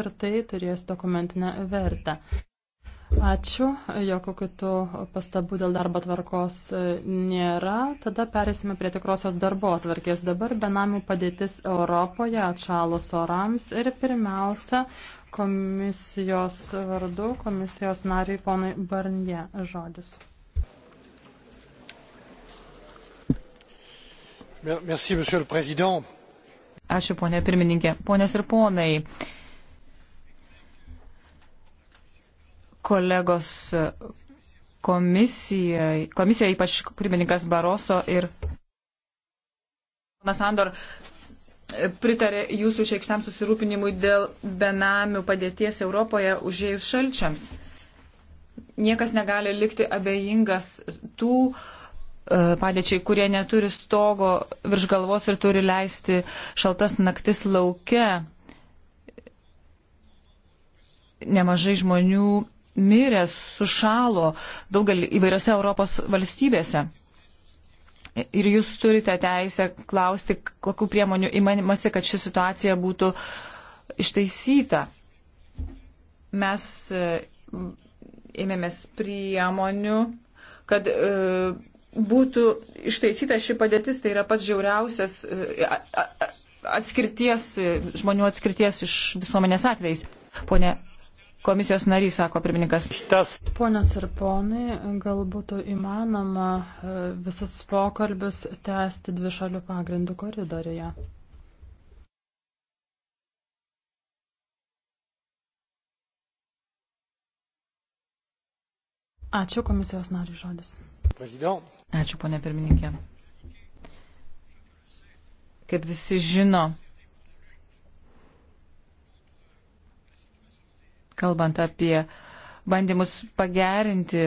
ir tai turės dokumentinę vertę. Ačiū, jokių kitų pastabų dėl darbo tvarkos e, nėra. Tada perėsime prie tikrosios darbo atvarkės. Dabar benamių padėtis Europoje atšalus orams ir pirmiausia komisijos vardu, komisijos nariai ponai Barnie žodis. Merci, Ačiū, ponė pirmininkė. Ponės ir ponai. kolegos komisijoje, komisijoje ypač pirmininkas Baroso ir Ponas Andor pritarė jūsų šeikštam susirūpinimui dėl benamių padėties Europoje užėjus šalčiams. Niekas negali likti abejingas tų e, padėčiai, kurie neturi stogo virš galvos ir turi leisti šaltas naktis lauke. Nemažai žmonių mirė, sušalo daugelį įvairiose Europos valstybėse. Ir jūs turite teisę klausti, kokiu priemoniu įmanimasi, kad ši situacija būtų ištaisyta. Mes e, ėmėmės priemonių, kad e, būtų ištaisyta ši padėtis, tai yra pats žiauriausias e, atskirties, žmonių atskirties iš visuomenės atvejais. Pone komisijos narys, sako pirmininkas. Šitas. Ponios ir ponai, gal būtų įmanoma e, visus pokalbius tęsti dvi šalių pagrindų koridoriuje. Ačiū komisijos nariui žodis. President. Ačiū, ponė pirmininkė. Kaip visi žino, kalbant apie bandymus pagerinti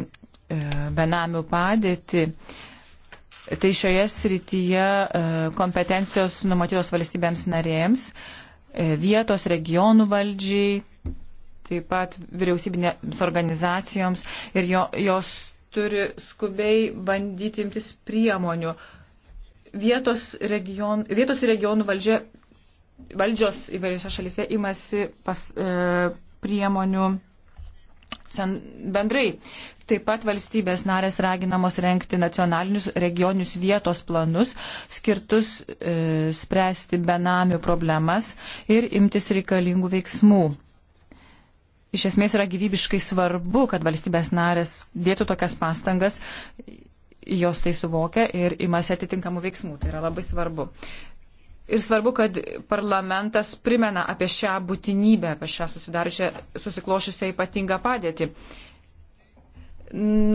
e, benamių padėtį. Tai šioje srityje e, kompetencijos numatytos valstybėms narėms, e, vietos regionų valdžiai, taip pat vyriausybinėms organizacijoms ir jo, jos turi skubiai bandyti imtis priemonių. Vietos, region, vietos regionų valdžia, valdžios įvairiose šalyse imasi pas, e, priemonių bendrai. Taip pat valstybės narės raginamos renkti nacionalinius regioninius vietos planus, skirtus e, spręsti benamių problemas ir imtis reikalingų veiksmų. Iš esmės yra gyvybiškai svarbu, kad valstybės narės dėtų tokias pastangas, jos tai suvokia ir imasi atitinkamų veiksmų. Tai yra labai svarbu. Ir svarbu, kad parlamentas primena apie šią būtinybę, apie šią susiklošiusią ypatingą padėtį.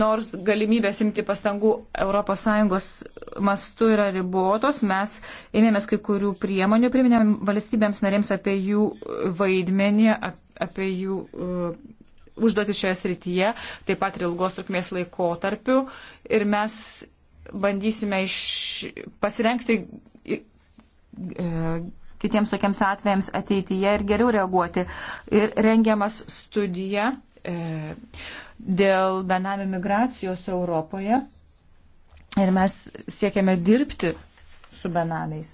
Nors galimybės imti pastangų ES mastu yra ribotos, mes ėmėmės kai kurių priemonių, priminėm valstybėms narėms apie jų vaidmenį, apie jų uh, užduotį šioje srityje, taip pat ir ilgos trukmės laikotarpių. Ir mes bandysime iš, pasirengti E, kitiems tokiems atvejams ateityje ir geriau reaguoti. Ir rengiamas studija e, dėl benamių migracijos Europoje. Ir mes siekiame dirbti su benamiais.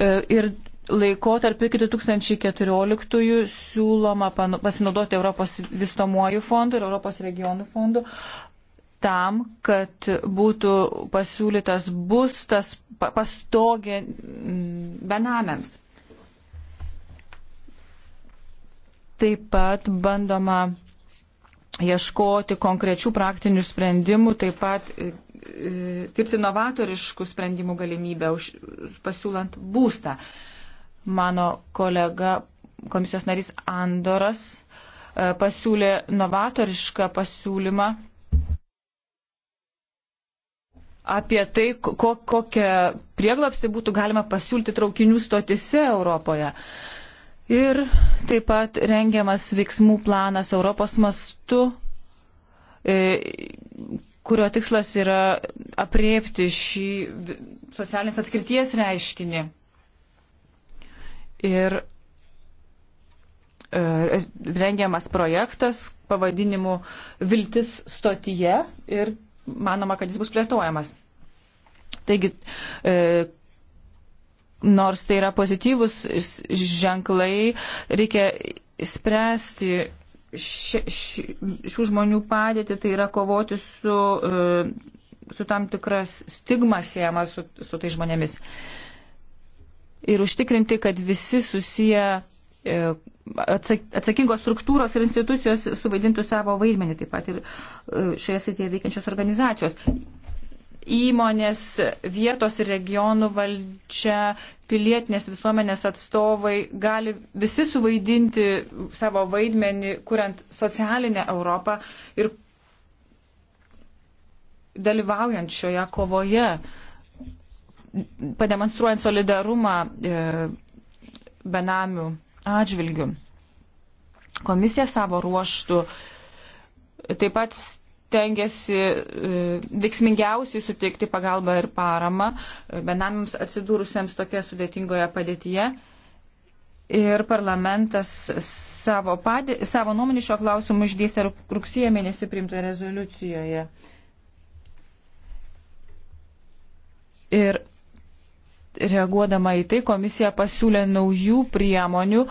E, ir laiko tarp iki 2014 siūloma pasinaudoti Europos vystomuoju fondu ir Europos regionų fondu, tam, kad būtų pasiūlytas būstas pastogė mm, benamiams. Taip pat bandoma ieškoti konkrečių praktinių sprendimų, taip pat e, e, tirti novatoriškų sprendimų galimybę už, pasiūlant būstą. Mano kolega komisijos narys Andoras e, pasiūlė novatorišką pasiūlymą apie tai, ko, kokią prieglapsį būtų galima pasiūlyti traukinių stotise Europoje. Ir taip pat rengiamas veiksmų planas Europos mastu, e, kurio tikslas yra apriepti šį socialinės atskirties reiškinį. Ir e, rengiamas projektas pavadinimu Viltis stotyje ir manoma, kad jis bus plėtojamas. Taigi, e, nors tai yra pozityvus ženklai, reikia spręsti ši, ši, šių žmonių padėtį, tai yra kovoti su, e, su tam tikras stigmas siejama su, su tai žmonėmis. Ir užtikrinti, kad visi susiję E, atsakingos struktūros ir institucijos suvaidintų savo vaidmenį, taip pat ir e, šioje srityje veikiančios organizacijos. Įmonės, vietos ir regionų valdžia, pilietinės visuomenės atstovai gali visi suvaidinti savo vaidmenį, kuriant socialinę Europą ir dalyvaujant šioje kovoje, pademonstruojant solidarumą e, benamių atžvilgių. Komisija savo ruoštų taip pat tengiasi e, veiksmingiausiai suteikti pagalbą ir paramą e, benamiams atsidūrusiems tokia sudėtingoje padėtyje. Ir parlamentas savo, padė, savo nuomonį šio klausimu išdėstė rugsėjo mėnesį priimtoje rezoliucijoje. Ir reaguodama į tai komisija pasiūlė naujų priemonių,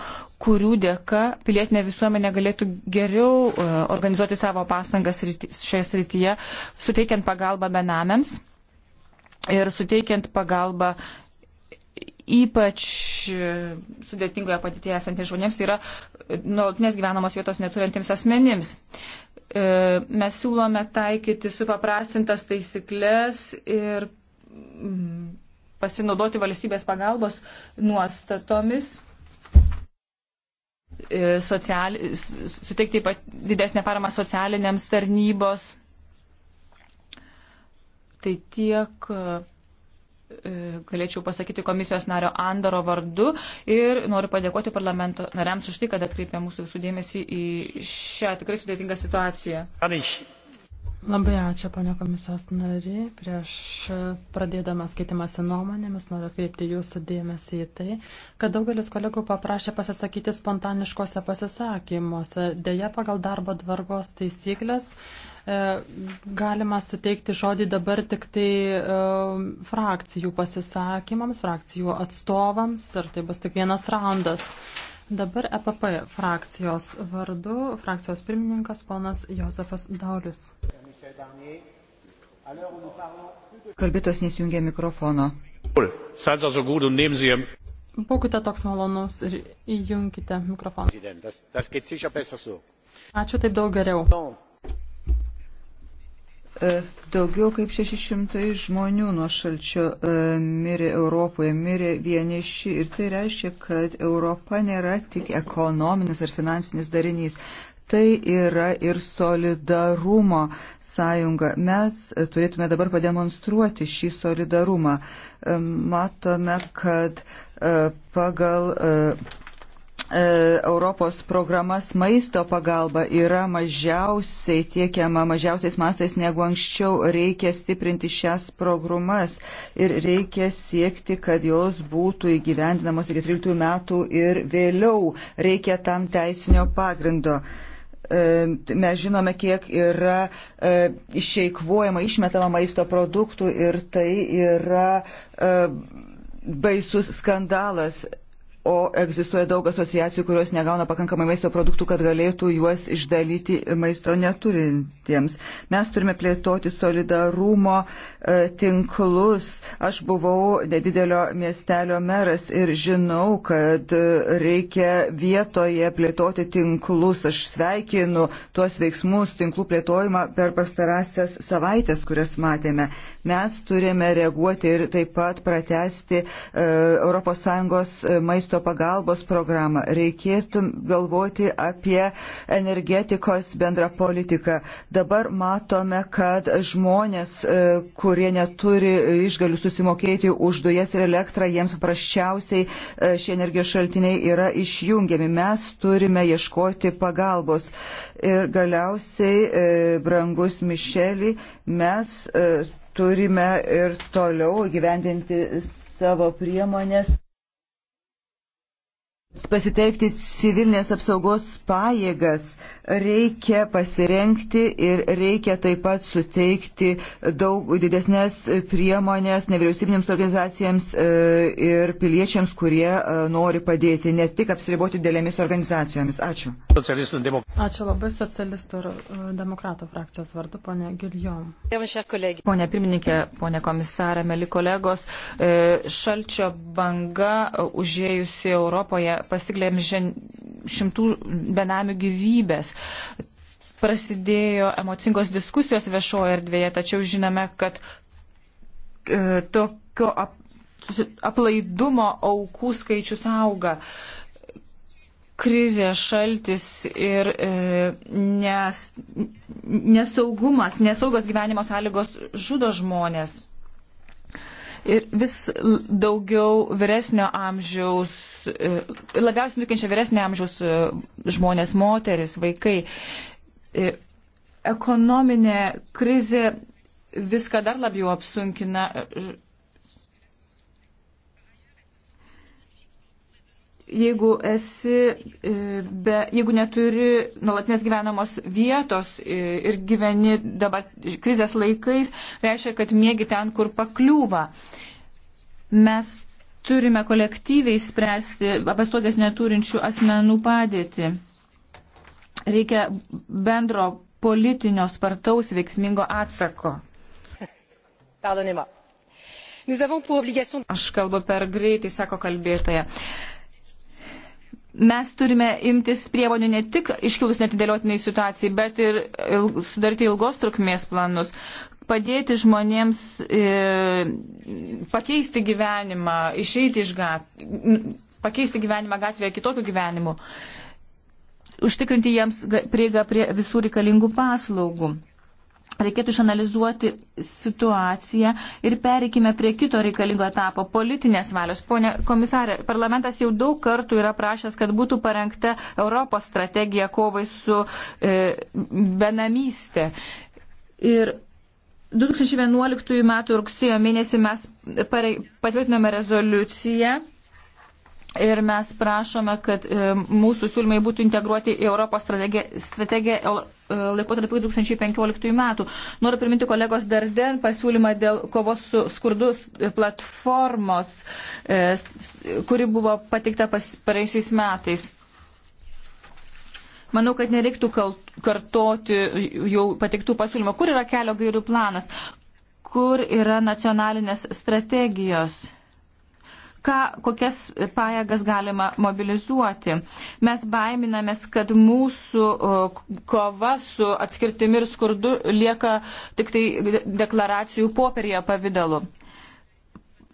kurių dėka pilietinė visuomenė galėtų geriau e, organizuoti savo pastangas šioje srityje, suteikiant pagalbą benamiams ir suteikiant pagalbą ypač e, sudėtingoje padėtėje esantiems žmonėms, tai yra e, nuolatinės gyvenamos vietos neturintiems asmenims. Mes siūlome taikyti supaprastintas taisyklės ir pasinaudoti valstybės pagalbos nuostatomis e, sociali, suteikti didesnę paramą socialiniams tarnybos. Tai tiek e, galėčiau pasakyti komisijos nario Andoro vardu ir noriu padėkoti parlamento nariams už tai, kad atkreipė mūsų visų dėmesį į šią tikrai sudėtingą situaciją. Aniš. Labai ačiū, panio komisijos nari. Prieš pradėdamas keitimąsi nuomonėmis noriu kreipti jūsų dėmesį į tai, kad daugelis kolegų paprašė pasisakyti spontaniškose pasisakymuose. Deja, pagal darbo tvarkos taisyklės e, galima suteikti žodį dabar tik tai e, frakcijų pasisakymams, frakcijų atstovams ir tai bus tik vienas raundas. Dabar EPP frakcijos vardu frakcijos pirmininkas ponas Josefas Daulis. Kalbėtos nesijungia mikrofono. Būkite toks malonus ir įjunkite mikrofoną. Ačiū taip daug geriau. E, daugiau kaip 600 žmonių nuo šalčio e, mirė Europoje, mirė vieniši ir tai reiškia, kad Europa nėra tik ekonominis ar finansinis darinys tai yra ir solidarumo sąjunga. Mes turėtume dabar pademonstruoti šį solidarumą. Matome, kad e, pagal e, e, Europos programas maisto pagalba yra mažiausiai tiekiama, mažiausiais mastais negu anksčiau. Reikia stiprinti šias programas ir reikia siekti, kad jos būtų įgyvendinamos iki 13 metų ir vėliau. Reikia tam teisinio pagrindo. Uh, E, mes žinome, kiek yra e, išeikvojama, išmetama maisto produktų ir tai yra e, baisus skandalas o egzistuoja daug asociacijų, kurios negauna pakankamai maisto produktų, kad galėtų juos išdalyti maisto neturintiems. Mes turime plėtoti solidarumo e, tinklus. Aš buvau nedidelio miestelio meras ir žinau, kad reikia vietoje plėtoti tinklus. Aš sveikinu tuos veiksmus, tinklų plėtojimą per pastarąsias savaitės, kurias matėme. Mes turime reaguoti ir taip pat pratesti e, ES e, maisto pagalbos programą. Reikėtų galvoti apie energetikos bendrą politiką. Dabar matome, kad žmonės, e, kurie neturi išgalių susimokėti už dujas ir elektrą, jiems paprasčiausiai šie energijos šaltiniai yra išjungiami. Mes turime ieškoti pagalbos. Ir galiausiai, brangus Mišelį, mes turime ir toliau gyvendinti savo priemonės pasitelkti civilinės apsaugos pajėgas, reikia pasirenkti ir reikia taip pat suteikti daug didesnės priemonės nevyriausybinėms organizacijams e, ir piliečiams, kurie e, nori padėti, ne tik apsiriboti dėlėmis organizacijomis. Ačiū. Ačiū labai socialistų ir e, demokratų frakcijos vardu, ponė Giljom. Pone pirmininkė, ponė komisarė, meli kolegos, šalčio banga užėjusi Europoje pasiglemžė šimtų benamių gyvybės. Prasidėjo emocingos diskusijos viešoje erdvėje, tačiau žinome, kad e, tokio ap, aplaidumo aukų skaičius auga. Krizė, šaltis ir e, nes, nesaugumas, nesaugos gyvenimo sąlygos žudo žmonės. Ir vis daugiau vyresnio amžiaus, e, labiausiai nukenčia vyresnio amžiaus e, žmonės, moteris, vaikai. E, ekonominė krizė viską dar labiau apsunkina jeigu, esi, e, be, jeigu neturi nuolatinės gyvenamos vietos e, ir gyveni dabar krizės laikais, reiškia, kad mėgi ten, kur pakliūva. Mes turime kolektyviai spręsti pastogės neturinčių asmenų padėtį. Reikia bendro politinio spartaus veiksmingo atsako. Pardonėma. Aš kalbu per greitai, sako kalbėtoja mes turime imtis priemonių ne tik iškilus netidėliotinai situacijai, bet ir sudaryti ilgos trukmės planus, padėti žmonėms e, pakeisti gyvenimą, išeiti iš gatvės, pakeisti gyvenimą gatvėje kitokiu gyvenimu, užtikrinti jiems prieigą prie visų reikalingų paslaugų. Reikėtų išanalizuoti situaciją ir pereikime prie kito reikalingo etapo - politinės valios. Pone komisarė, parlamentas jau daug kartų yra prašęs, kad būtų parengta Europos strategija kovai su e, benamystė. Ir 2011 m. rugsėjo mėnesį mes patvirtinome rezoliuciją Ir mes prašome, kad e, mūsų siūlymai būtų integruoti į Europos strategiją, strategiją e, laikotarpį 2015 metų. Noriu priminti kolegos Darden pasiūlymą dėl kovos su skurdus e, platformos, kuri buvo patikta praeisiais metais. Manau, kad nereiktų kartoti jau patiktų pasiūlymų. Kur yra kelio gairių planas? Kur yra nacionalinės strategijos? ką, kokias pajėgas galima mobilizuoti. Mes baiminamės, kad mūsų kova su atskirtimi ir skurdu lieka tik tai deklaracijų popierėje pavydalu.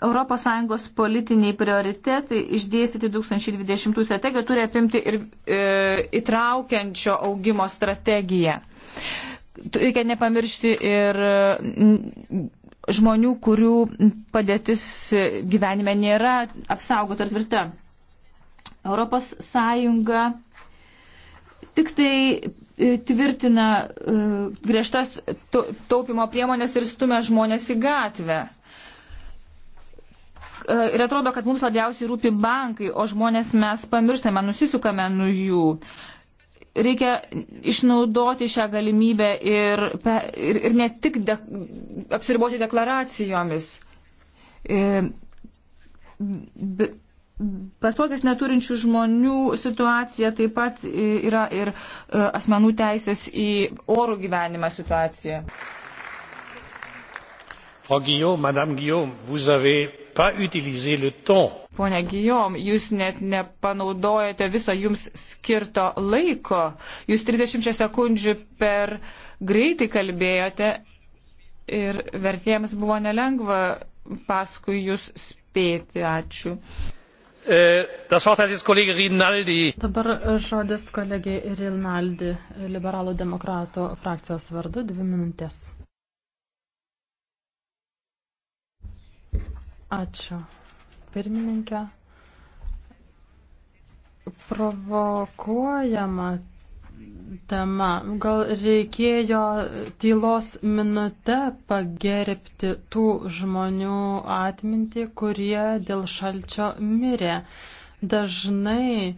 ES politiniai prioritetai išdėstyti 2020 strategiją turi apimti ir e, įtraukiančio augimo strategiją. Reikia nepamiršti ir žmonių, kurių padėtis gyvenime nėra apsaugota ir tvirta. Europos Sąjunga tik tai e, tvirtina e, griežtas taupimo priemonės ir stumia žmonės į gatvę. E, ir atrodo, kad mums labiausiai rūpi bankai, o žmonės mes pamirštame, nusisukame nuo jų reikia išnaudoti šią galimybę ir, ir, ir ne tik de, apsiriboti deklaracijomis. E, Pastokės neturinčių žmonių situacija taip pat yra ir e, asmenų teisės į orų gyvenimą situacija. Frau Guillaume, Madame Guillaume, vous n'avez pas utilisé le temps Pone Gijom, jūs net nepanaudojate viso jums skirto laiko. Jūs 30 sekundžių per greitai kalbėjote ir vertėjams buvo nelengva paskui jūs spėti. Ačiū. E, Dabar žodis kolegė Rinaldi, liberalų demokratų frakcijos vardu, dvi minutės. Ačiū, pirmininkė. Provokuojama tema. Gal reikėjo tylos minute pagerbti tų žmonių atmintį, kurie dėl šalčio mirė. Dažnai e,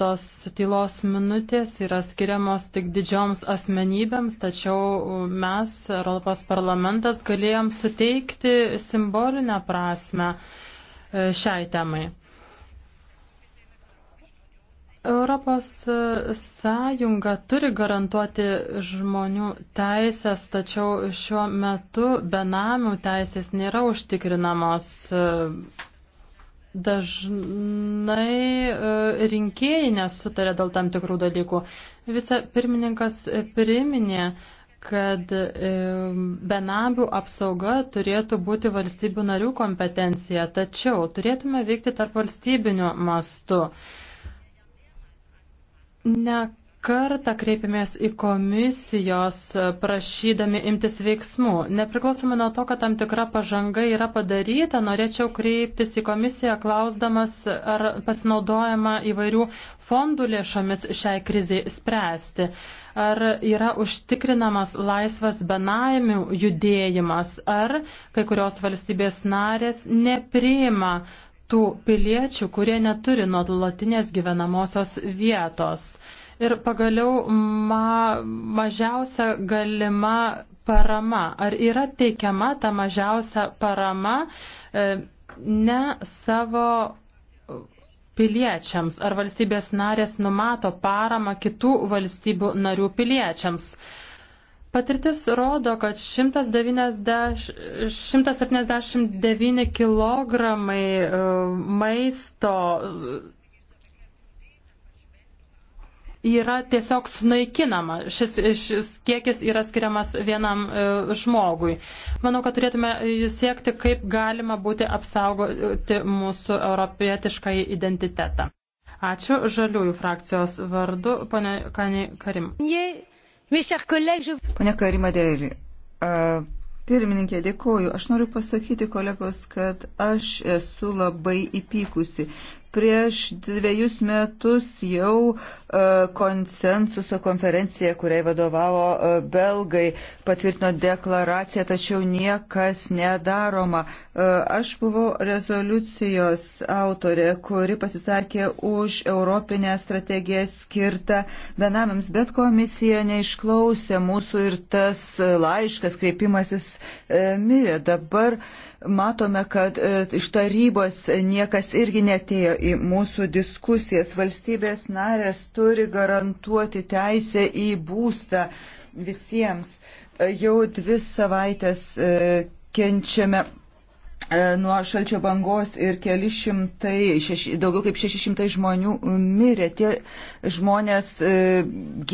tos tylos minutės yra skiriamos tik didžioms asmenybėms, tačiau mes, Europos parlamentas, galėjom suteikti simbolinę prasme šiai temai. Europos Sąjunga turi garantuoti žmonių teisės, tačiau šiuo metu benamių teisės nėra užtikrinamos. Dažnai e, rinkėjai nesutarė dėl tam tikrų dalykų. Vicepirmininkas priminė, kad benabių apsauga turėtų būti valstybių narių kompetencija, tačiau turėtume veikti tarp valstybinių mastų. Ne kartą kreipėmės į komisijos e, prašydami imtis veiksmų. Nepriklausomai nuo to, kad tam tikra pažanga yra padaryta, norėčiau kreiptis į komisiją klausdamas, ar pasinaudojama įvairių fondų lėšomis šiai kriziai spręsti ar yra užtikrinamas laisvas benamių judėjimas, ar kai kurios valstybės narės nepriima tų piliečių, kurie neturi nuolatinės gyvenamosios vietos. Ir pagaliau ma, mažiausia galima parama. Ar yra teikiama ta mažiausia parama e, ne savo piliečiams? Ar valstybės narės numato paramą kitų valstybių narių piliečiams? Patirtis rodo, kad 190, 179 kg maisto yra tiesiog sunaikinama. Šis, šis kiekis yra skiriamas vienam e, žmogui. Manau, kad turėtume e, siekti, kaip galima būti apsaugoti mūsų europietišką identitetą. Ačiū žaliųjų frakcijos vardu, ponė Kani Karim. Pone Karimadėlį, pirmininkė, dėkoju. Aš noriu pasakyti kolegos, kad aš esu labai įpykusi. Prieš dviejus metus jau e, konsensuso konferencija, kuriai vadovavo e, belgai, patvirtino deklaraciją, tačiau niekas nedaroma. E, aš buvau rezoliucijos autorė, kuri pasisakė už Europinę strategiją skirtą benamiams, bet komisija neišklausė mūsų ir tas laiškas kreipimasis mirė. Dabar matome, kad iš tarybos niekas irgi netėjo į mūsų diskusijas. Valstybės narės turi garantuoti teisę į būstą visiems. Jau dvi savaitės e, kenčiame e, nuo šalčio bangos ir keli šimtai, šeši, daugiau kaip šeši šimtai žmonių mirė. Tie žmonės e,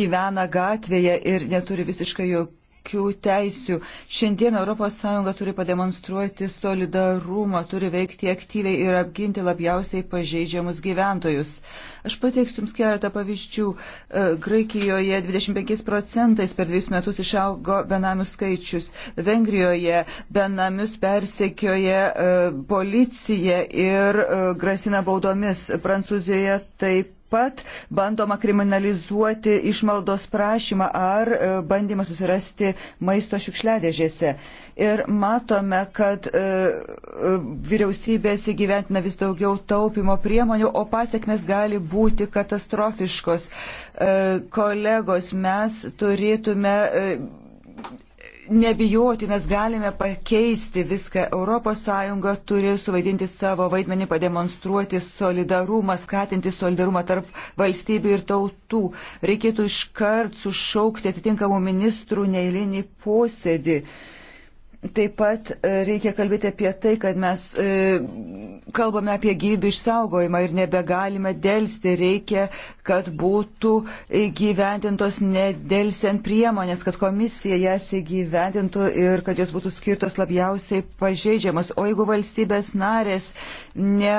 gyvena gatvėje ir neturi visiškai jokių kokių teisių. Šiandien ES turi pademonstruoti solidarumą, turi veikti aktyviai ir apginti labiausiai pažeidžiamus gyventojus. Aš pateiksiu Jums keletą pavyzdžių. E, Graikijoje 25 procentais per dviejus metus išaugo benamių skaičius. Vengrijoje benamius persekioja e, policija ir e, grasina baudomis. Prancūzijoje taip pat bandoma kriminalizuoti išmaldos prašymą ar e, bandymą susirasti maisto šiukšliadėžėse. Ir matome, kad e, e, vyriausybės įgyventina vis daugiau taupimo priemonių, o pasiekmes gali būti katastrofiškos. Kolegos, mes turėtume nebijoti, mes galime pakeisti viską. ES turi suvaidinti savo vaidmenį, pademonstruoti solidarumą, skatinti solidarumą tarp valstybių ir tautų. Reikėtų iškart sušaukti atitinkamų ministrų neįlinį posėdį. Taip pat e, reikia kalbėti apie tai, kad mes e, kalbame apie gyvybių išsaugojimą ir nebegalime dėlsti. Reikia, kad būtų įgyvendintos nedėlsiant priemonės, kad komisija jas įgyvendintų ir kad jos būtų skirtos labiausiai pažeidžiamas. O jeigu valstybės narės, ne,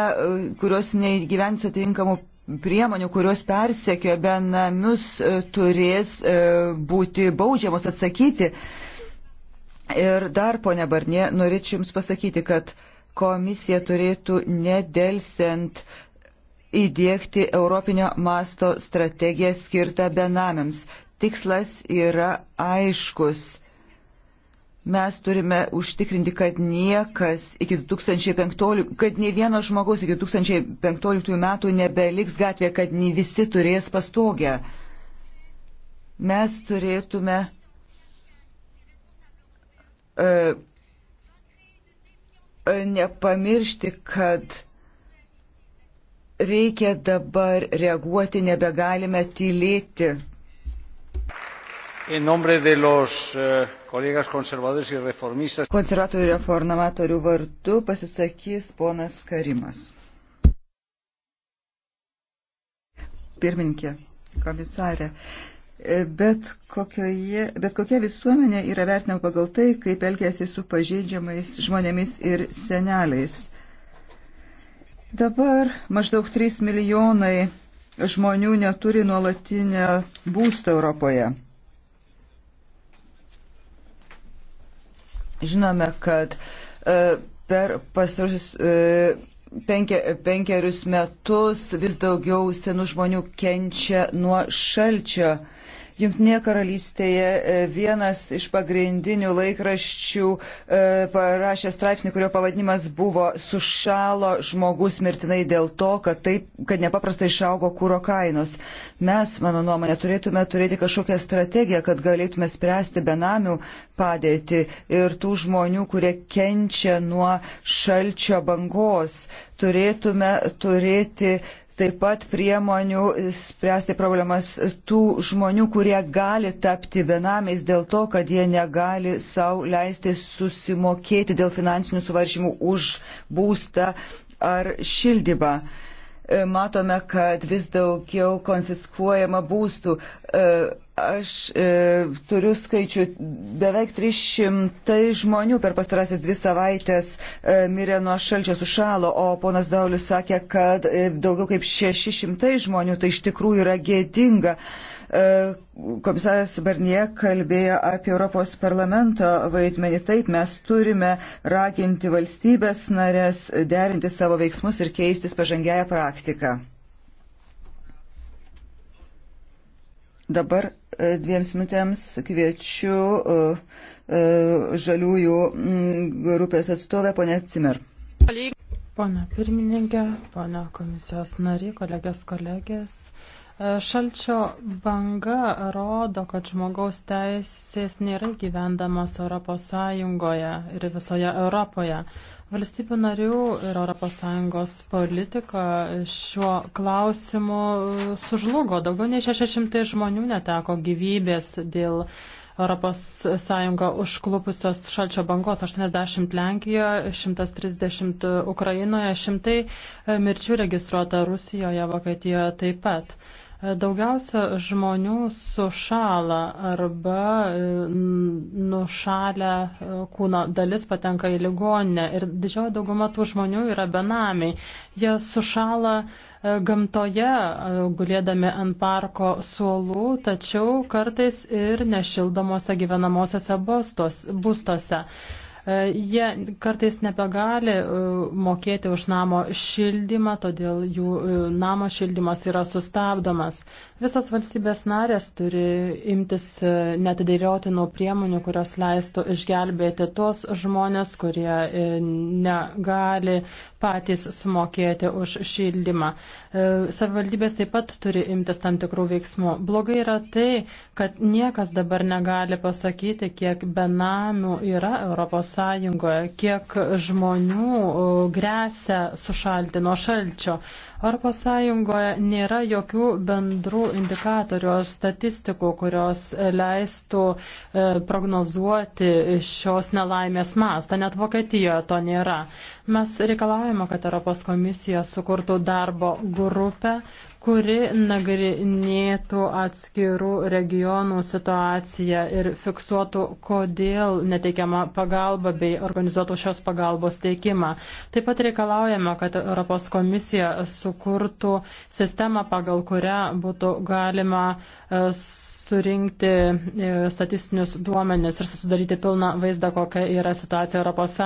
kurios neįgyvens atitinkamų priemonių, kurios persekio benamius, e, turės e, būti baudžiamos atsakyti. Ir dar, ponia Barnė, norėčiau Jums pasakyti, kad komisija turėtų nedelsiant įdėkti Europinio masto strategiją skirtą benamiams. Tikslas yra aiškus. Mes turime užtikrinti, kad niekas iki 2015, kad nei vienas žmogus iki 2015 metų nebeliks gatvėje, kad nei visi turės pastogę. Mes turėtume uh, nepamiršti, kad reikia dabar reaguoti, nebegalime tylėti. Los, uh, Konservatorių reformatorių vardu pasisakys ponas Karimas. Pirminkė, komisarė. Uh, bet, kokioje, bet kokia visuomenė yra vertinama pagal tai, kaip elgėsi su pažeidžiamais žmonėmis ir seneliais. Dabar maždaug 3 milijonai žmonių neturi nuolatinę būstą Europoje. Žinome, kad e, per pastarusius e, penkerius metus vis daugiau senų žmonių kenčia nuo šalčio. Junktinėje karalystėje e, vienas iš pagrindinių laikraščių e, parašė straipsnį, kurio pavadinimas buvo Sušalo žmogus mirtinai dėl to, kad, taip, kad nepaprastai išaugo kūro kainos. Mes, mano nuomonė, turėtume turėti kažkokią strategiją, kad galėtume spręsti benamių padėtį ir tų žmonių, kurie kenčia nuo šalčio bangos. Turėtume turėti taip pat priemonių spręsti problemas tų žmonių, kurie gali tapti benamiais dėl to, kad jie negali savo leisti susimokėti dėl finansinių suvaržymų už būstą ar šildymą. E, matome, kad vis daugiau konfiskuojama būstų. E, Aš e, turiu skaičių, beveik 300 žmonių per pastarąsias dvi savaitės e, mirė nuo šalčio sušalo, o ponas Daulis sakė, kad e, daugiau kaip 600 žmonių, tai iš tikrųjų yra gėdinga. E, komisaras Barnie kalbėjo apie Europos parlamento vaidmenį. Taip, mes turime raginti valstybės narės derinti savo veiksmus ir keistis pažangiają praktiką. Dabar e, dviems minutėms kviečiu e, e, žaliųjų mm, grupės atstovę ponę Cimer. Pone pirmininkė, pone komisijos nariai, kolegės, kolegės. Šalčio banga rodo, kad žmogaus teisės nėra gyvendamos ES ir visoje Europoje. Valstybių narių ir ES politika šiuo klausimu sužlugo. Daugiau nei 600 žmonių neteko gyvybės dėl ES užklupusios šalčio bangos 80 Lenkijoje, 130 Ukrainoje, šimtai mirčių registruota Rusijoje, Vokietijoje taip pat. Daugiausia žmonių sušala arba e, nušalę e, kūno dalis patenka į ligoninę ir didžioji dauguma tų žmonių yra benamiai. Jie sušala e, gamtoje, gulėdami ant parko suolų, tačiau kartais ir nešildomose gyvenamosiose būstuose. Jie kartais nebegali e, mokėti už namo šildymą, todėl jų e, namo šildymas yra sustabdomas. Visos valstybės narės turi imtis e, netidėliotinų priemonių, kurios leistų išgelbėti tos žmonės, kurie negali patys sumokėti už šildymą. Savivaldybės taip pat turi imtis tam tikrų veiksmų. Blogai yra tai, kad niekas dabar negali pasakyti, kiek benamių yra ES kiek žmonių gresia sušalti nuo šalčio. Europos Sąjungoje nėra jokių bendrų indikatorių ar statistikų, kurios leistų e, prognozuoti šios nelaimės mastą. Net Vokietijoje to nėra. Mes reikalavome, kad Europos komisija sukurtų darbo grupę, kuri nagrinėtų atskirų regionų situaciją ir fiksuotų, kodėl neteikiama pagalba bei organizuotų šios pagalbos teikimą. Taip pat reikalaujame, kad Europos komisija su sukurtų sistemą, pagal kurią būtų galima e, surinkti e, statistinius duomenis ir susidaryti pilną vaizdą, kokia yra situacija ES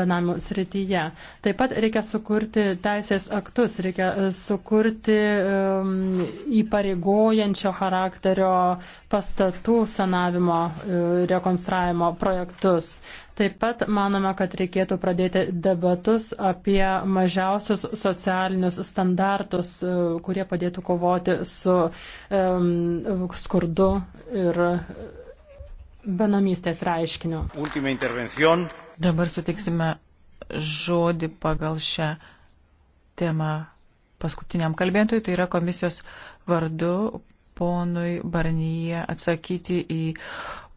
benamių srityje. Taip pat reikia sukurti teisės aktus, reikia e, sukurti um, įpareigojančio charakterio pastatų sanavimo, rekonstravimo projektus. Taip pat manome, kad reikėtų pradėti debatus apie mažiausius socialinius standartus, e, kurie padėtų kovoti su um, skurdu ir benamystės reiškiniu. Dabar sutiksime žodį pagal šią temą paskutiniam kalbėtojui, tai yra komisijos vardu ponui Barnyje atsakyti į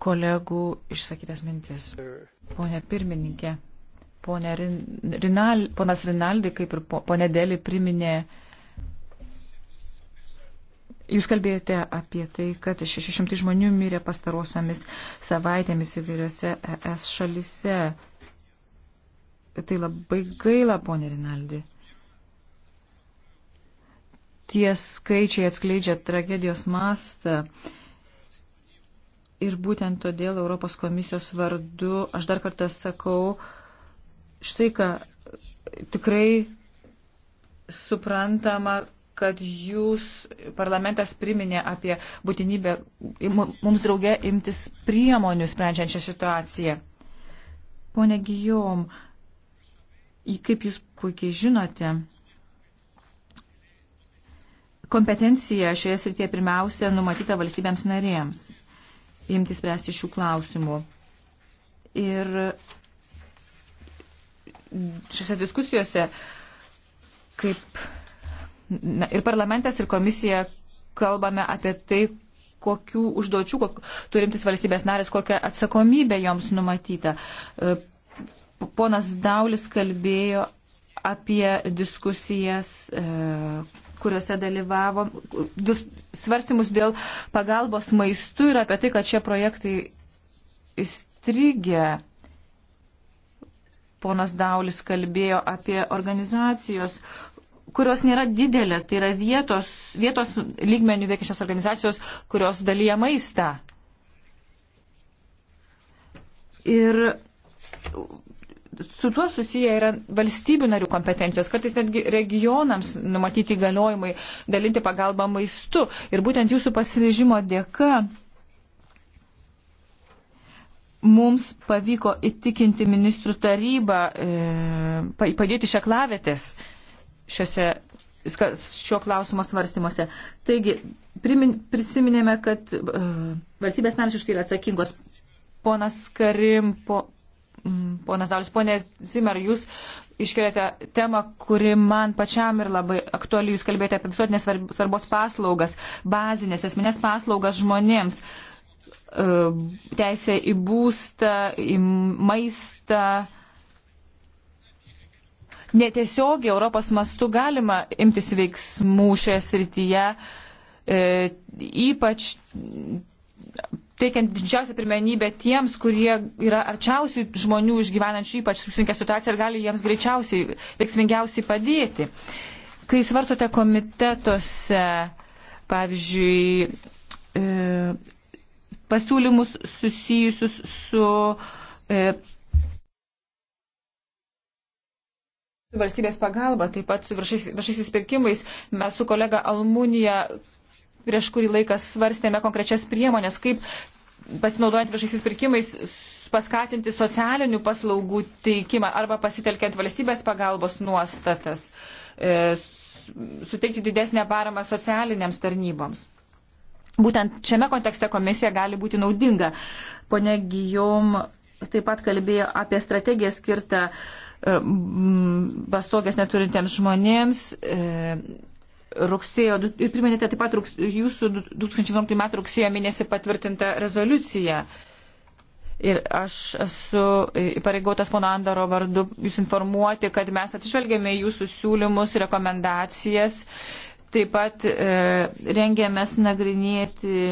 kolegų išsakytas mintis. Pone pirmininkė, pone Rinal, ponas Rinaldi, kaip ir ponė Deli priminė, Jūs kalbėjote apie tai, kad 600 žmonių mirė pastarosiomis savaitėmis įvairiose ES šalise. Tai labai gaila, ponė Rinaldi. Tie skaičiai atskleidžia tragedijos mastą. Uh, Ir būtent todėl Europos komisijos vardu aš dar kartą sakau, štai ką tikrai suprantama, kad jūs parlamentas priminė apie būtinybę mums draugė imtis priemonių sprendžiančią situaciją. Pone Gijom, kaip jūs puikiai žinote, kompetencija šioje srityje pirmiausia numatyta valstybėms narėms imti spręsti šių klausimų. Ir šiose diskusijose, kaip na, ir parlamentas, ir komisija kalbame apie tai, kokių užduočių kok, turimtis valstybės narės, kokią atsakomybę joms numatyta. E, ponas Daulis kalbėjo apie diskusijas, e, kuriuose dalyvavom, svarstymus dėl pagalbos maistu ir apie tai, kad šie projektai įstrigę. Ponas Daulis kalbėjo apie organizacijos, kurios nėra didelės, tai yra vietos, vietos lygmenių veikiančios organizacijos, kurios dalyja maistą. Ir su tuo susiję yra valstybių narių kompetencijos, kartais netgi regionams numatyti galiojimai, dalinti pagalbą maistu. Ir būtent jūsų pasirežimo dėka mums pavyko įtikinti ministrų tarybą, e, padėti šeklavėtės šiuose šio klausimo svarstymuose. Taigi, primin, prisiminėme, kad uh, valstybės narės už tai yra atsakingos. Ponas Karim, po, Mm, ponas Daulis. Pone Zimmer, jūs iškeliate temą, kuri man pačiam ir labai aktuali. Jūs kalbėjote apie visuotinės svarbos paslaugas, bazinės, esminės paslaugas žmonėms. E, teisė į būstą, į maistą. Netiesiogiai Europos mastu galima imtis veiksmų šioje srityje, e, ypač teikiant didžiausią pirmenybę tiems, kurie yra arčiausiai žmonių išgyvenančių ypač sunkia situacija ir gali jiems greičiausiai, veiksmingiausiai padėti. Kai svarstote komitetuose, pavyzdžiui, e, pasiūlymus susijusius su e, valstybės pagalba, taip pat su viešaisiais pirkimais, mes su kolega Almunija prieš kurį laiką svarstėme konkrečias priemonės, kaip pasinaudojant viešaisiais pirkimais paskatinti socialinių paslaugų teikimą arba pasitelkiant valstybės pagalbos nuostatas, e, suteikti didesnę paramą socialiniams tarnyboms. Būtent šiame kontekste komisija gali būti naudinga. Pone Gijom taip pat kalbėjo apie strategiją skirtą e, bastogės neturintiems žmonėms. E, rugsėjo, ir priminėte taip pat rugs, jūsų 2011 m. rugsėjo mėnesį patvirtintą rezoliuciją. Ir aš esu pareigotas pono Andaro vardu jūs informuoti, kad mes atsižvelgėme jūsų siūlymus, rekomendacijas, taip pat e, rengėmės nagrinėti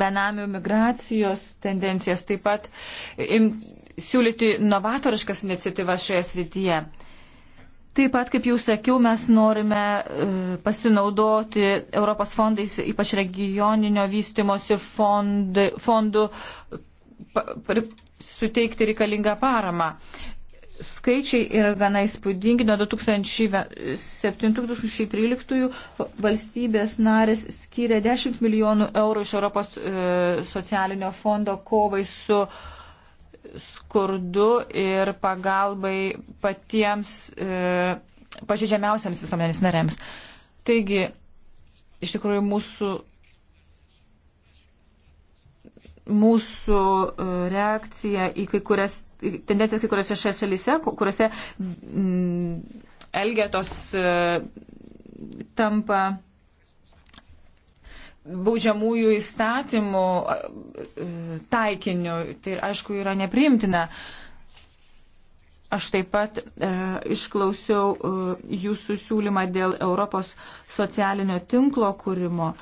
benamių migracijos tendencijas, taip pat im, siūlyti novatoriškas iniciatyvas šioje srityje. E, Taip pat, kaip jau sakiau, mes norime e, pasinaudoti Europos fondais, ypač regioninio vystimosi fondų, fondų suteikti reikalingą paramą. Skaičiai yra gana įspūdingi. Nuo 2007-2013 valstybės narės skyrė 10 milijonų eurų iš Europos e, socialinio fondo kovai su uh, skurdu ir pagalbai patiems e, pažydžiamiausiams visuomenės nariams. Taigi, iš tikrųjų, mūsų, mūsų e, reakcija į kai kurias tendencijas kai kuriuose šiose šalyse, kuriuose mm, elgetos e, tampa baudžiamųjų įstatymų e, taikiniu. Tai aišku yra nepriimtina. Aš taip pat e, išklausiau e, jūsų siūlymą dėl Europos socialinio tinklo kūrimo.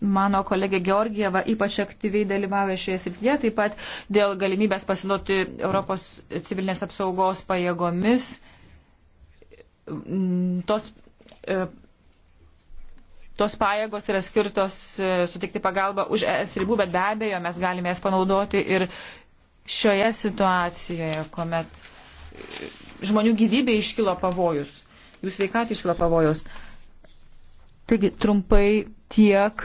Mano kolegė Georgieva ypač aktyviai dalyvauja šioje srityje, taip pat dėl galimybės pasinaudoti Europos civilinės apsaugos pajėgomis. Mm, tos e, tos pajėgos yra skirtos e, sutikti pagalbą už ES ribų, bet be abejo mes galime jas panaudoti ir šioje situacijoje, kuomet e, žmonių gyvybė iškilo pavojus, jų sveikatai iškilo pavojus. Taigi trumpai tiek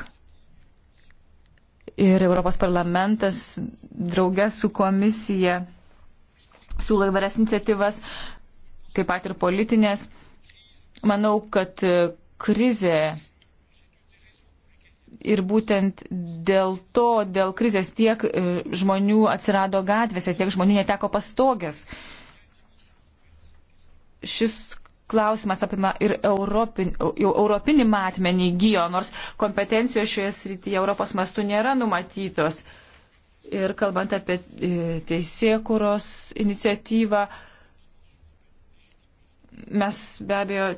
ir Europos parlamentas draugė su komisija siūlo įvairias iniciatyvas, taip pat ir politinės. Manau, kad e, krizė Ir būtent dėl to, dėl krizės tiek e, žmonių atsirado gatvėse, tiek žmonių neteko pastogės. Šis klausimas apima ir europin, jau europinį matmenį įgyjo, nors kompetencijos šioje srityje Europos mastu nėra numatytos. Ir kalbant apie e, teisėkuros iniciatyvą, mes be abejo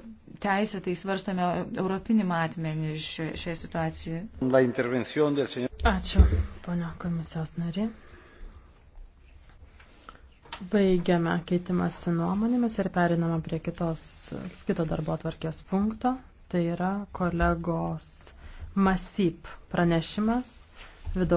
teisėtai svarstame europinį matmenį šioje situacijoje. Ačiū, ponio komisijos nari. Baigiame keitimąsi nuomonėmis ir periname prie kitos, kito darbo atvarkės punkto. Tai yra kolegos Masyp pranešimas vidaus.